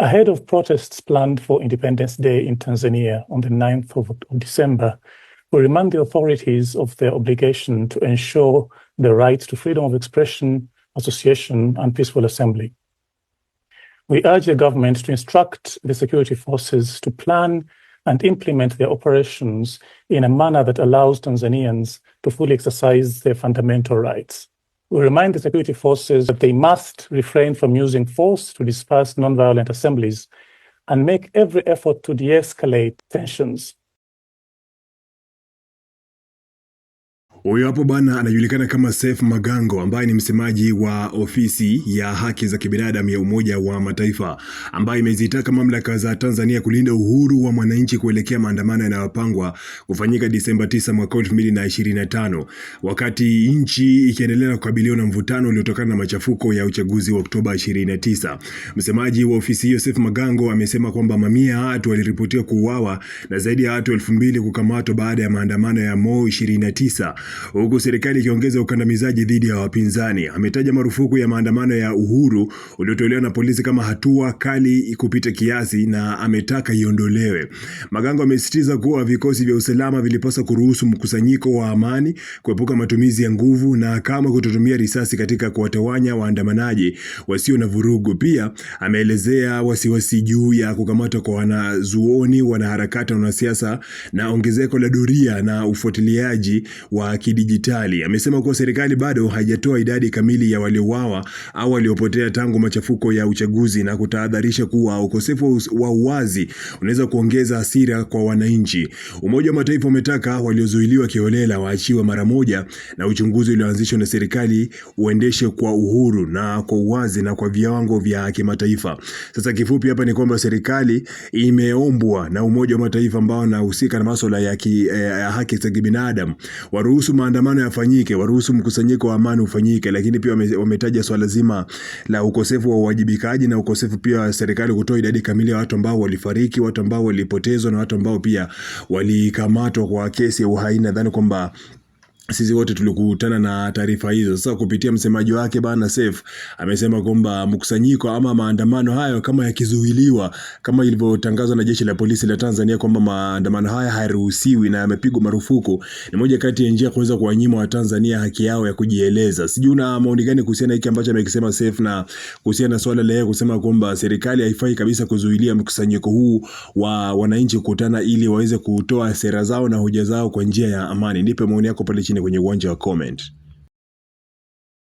Ahead of protests planned for Independence Day in Tanzania on the 9th of December, we remind the authorities of their obligation to ensure the rights to freedom of expression, association, and peaceful assembly. We urge the government to instruct the security forces to plan and implement their operations in a manner that allows Tanzanians to fully exercise their fundamental rights. We remind the security forces that they must refrain from using force to disperse nonviolent assemblies and make every effort to de escalate tensions. Huyo hapo bwana anajulikana kama Seth Magango ambaye ni msemaji wa ofisi ya haki za kibinadamu ya Umoja wa Mataifa ambaye imezitaka mamlaka za Tanzania kulinda uhuru wa mwananchi kuelekea maandamano yanayopangwa kufanyika Disemba 9 mwaka 2025 wakati nchi ikiendelea kukabiliwa na mvutano uliotokana na machafuko ya uchaguzi wa Oktoba 29. Msemaji wa ofisi hiyo Seth Magango amesema kwamba mamia ya watu waliripotiwa kuuawa na zaidi ya watu 2000 kukamatwa baada ya maandamano ya Mo 29 huku serikali ikiongeza ukandamizaji dhidi ya wapinzani. Ametaja marufuku ya maandamano ya uhuru uliotolewa na polisi kama hatua kali kupita kiasi na ametaka iondolewe. Magango amesisitiza kuwa vikosi vya usalama vilipaswa kuruhusu mkusanyiko wa amani, kuepuka matumizi ya nguvu na kama kutotumia risasi katika kuwatawanya waandamanaji wasio na vurugu. Pia ameelezea wasiwasi juu ya kukamatwa kwa wanazuoni, wanaharakati na wanasiasa na ongezeko la doria na ufuatiliaji wa kidijitali amesema kuwa serikali bado haijatoa idadi kamili ya waliouawa au waliopotea tangu machafuko ya uchaguzi na kutahadharisha kuwa ukosefu wa uwazi unaweza kuongeza hasira kwa wananchi. Umoja wa Mataifa umetaka waliozuiliwa kiholela waachiwe mara moja na uchunguzi ulioanzishwa na serikali uendeshe kwa uhuru na kwa uwazi na kwa viwango vya kimataifa. Sasa kifupi hapa ni kwamba serikali imeombwa na Umoja wa Mataifa ambao unahusika na masuala ya, eh, ya haki za kibinadamu waruhusu waruhusu maandamano yafanyike, waruhusu mkusanyiko wa amani ufanyike, lakini pia wametaja swala zima la ukosefu wa uwajibikaji na ukosefu pia wa serikali kutoa idadi kamili ya watu ambao walifariki, watu ambao walipotezwa na watu ambao pia walikamatwa kwa kesi ya uhaini. Nadhani kwamba sisi wote tulikutana na taarifa hizo. Sasa kupitia msemaji wake bana Seif amesema kwamba mkusanyiko ama maandamano hayo kama yakizuiliwa, kama ilivyotangazwa na jeshi la polisi la Tanzania kwamba maandamano haya hairuhusiwi na yamepigwa marufuku, ni moja kati ya njia kuweza kuwanyima Watanzania haki yao ya kujieleza. Sijui una maoni gani kuhusiana hiki ambacho amekisema Seif na kuhusiana na swala la kusema kwamba serikali haifai kabisa kuzuilia mkusanyiko huu wa wananchi kukutana ili waweze kutoa sera zao na hoja zao kwa njia ya amani. Nipe maoni yako pale chini. When kwenye uwanja wa comment.